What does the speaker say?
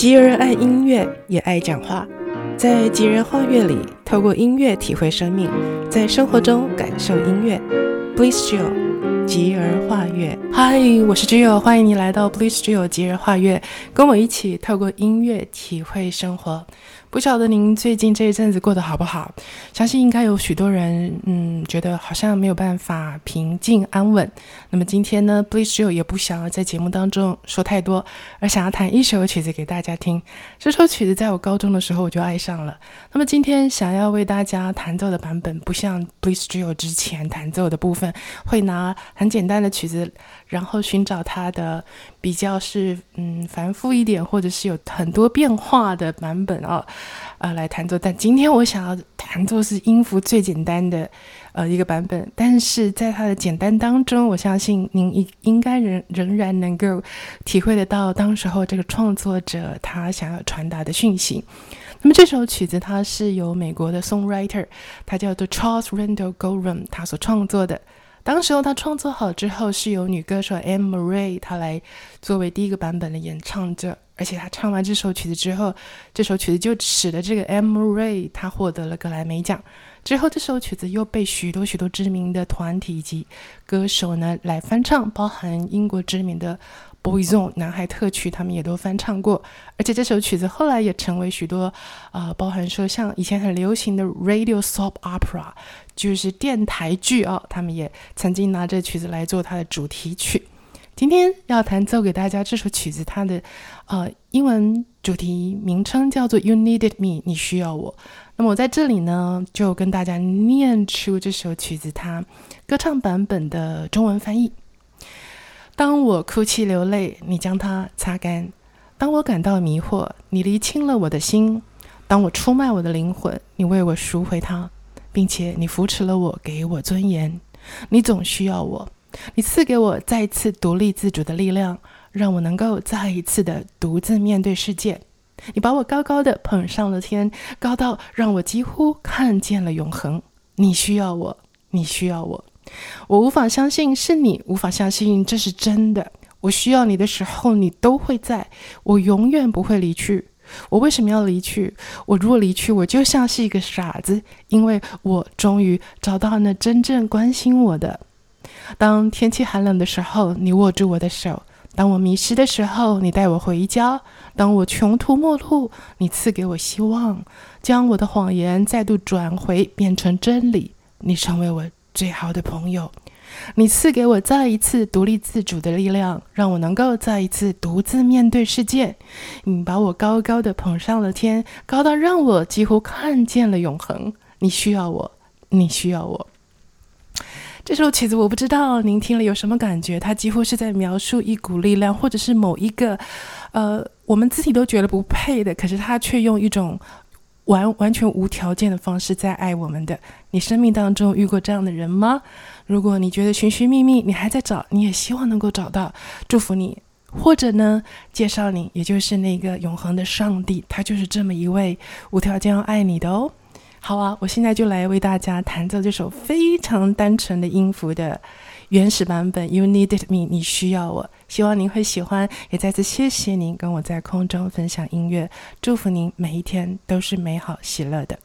吉爾愛音樂，也愛講話。在吉爾畫樂裡，透過音樂體會生命，在生活中感受音樂。Bless i o l 吉爾畫樂。嗨，我是 Jill，歡迎你來到 Bless i o l 吉爾畫樂。跟我一起透過音樂體會生活。不曉得您最近這一陣子過得好不好？相信應該有許多人，嗯，覺得好像沒有辦法平靜安穩。那麼今天呢，Bliss Trio 也不想要在節目當中說太多，而想要彈一首曲子給大家聽。這首曲子在我高中的時候我就愛上了。那麼今天想要為大家彈奏的版本，不像 Bliss Trio 之前彈奏的部分，會拿很簡單的曲子，然後尋找它的。比較是嗯繁複一點，或者是有很多變化的版本啊、哦、呃，來彈奏。但今天我想要彈奏是音符最簡單的呃一個版本，但是在它的簡單當中，我相信您應應該仍仍然能夠體會得到當時候這個創作者，他想要傳達的訊息。那麼這首曲子它是由美國的 songwriter，他叫做 Charles Randall Goodrum，他所創作的。當時候他創作好之後，是由女歌手 Anne Murray 他來作為第一個版本的演唱者，而且他唱完這首曲子之後，這首曲子就使得這個 Anne Murray 他獲得了格萊美獎。之後，這首曲子又被許多許多知名的團體以及歌手呢來翻唱，包含英國知名的。Boyzone 男孩特區，他們也都翻唱過，而且這首曲子後來也成為許多呃，包含說像以前很流行的 Radio Soap Opera，就是電台劇啊、哦，他們也曾經拿這曲子來做它的主題曲。今天要彈奏給大家這首曲子，它的呃英文主題名稱叫做 You Needed Me，你需要我。那麼我在這裡呢，就跟大家念出這首曲子它歌唱版本的中文翻譯。當我哭泣流淚，你將它擦乾；當我感到迷惑，你理清了我的心；當我出賣我的靈魂，你為我贖回它，並且你扶持了我，給我尊嚴。你總需要我，你賜給我再一次獨立自主的力量，讓我能夠再一次的獨自面對世界。你把我高高的捧上了天，高到讓我幾乎看見了永恆。你需要我，你需要我。我無法相信是你，無法相信這是真的。我需要你的時候，你都會在。我永遠不會離去。我為什麼要離去？我若離去，我就像是一個傻子，因為我終於找到那真正關心我的。當天氣寒冷的時候，你握住我的手；當我迷失的時候，你帶我回家；當我窮途末路，你賜給我希望，將我的謊言再度轉回，變成真理。你成為我。最好的朋友，你賜給我再一次獨立自主的力量，讓我能夠再一次獨自面對世界。你把我高高地捧上了天，高到讓我幾乎看見了永恆。你需要我，你需要我。這首曲子我不知道您聽了有什麼感覺，它幾乎是在描述一股力量，或者是某一個呃，我們自己都覺得不配的，可是它卻用一種。完完全無條件的方式在愛我們的，你生命當中遇過這樣的人嗎？如果你覺得尋尋覓覓，你還在找，你也希望能夠找到，祝福你，或者呢，介紹你，也就是那個永恆的上帝，他就是這麼一位無條件要愛你的哦。好啊，我現在就來為大家彈奏這首非常單純的音符的原始版本《You Needed Me》，你需要我。希望您會喜歡，也再次謝謝您跟我在空中分享音樂，祝福您每一天都是美好喜樂的。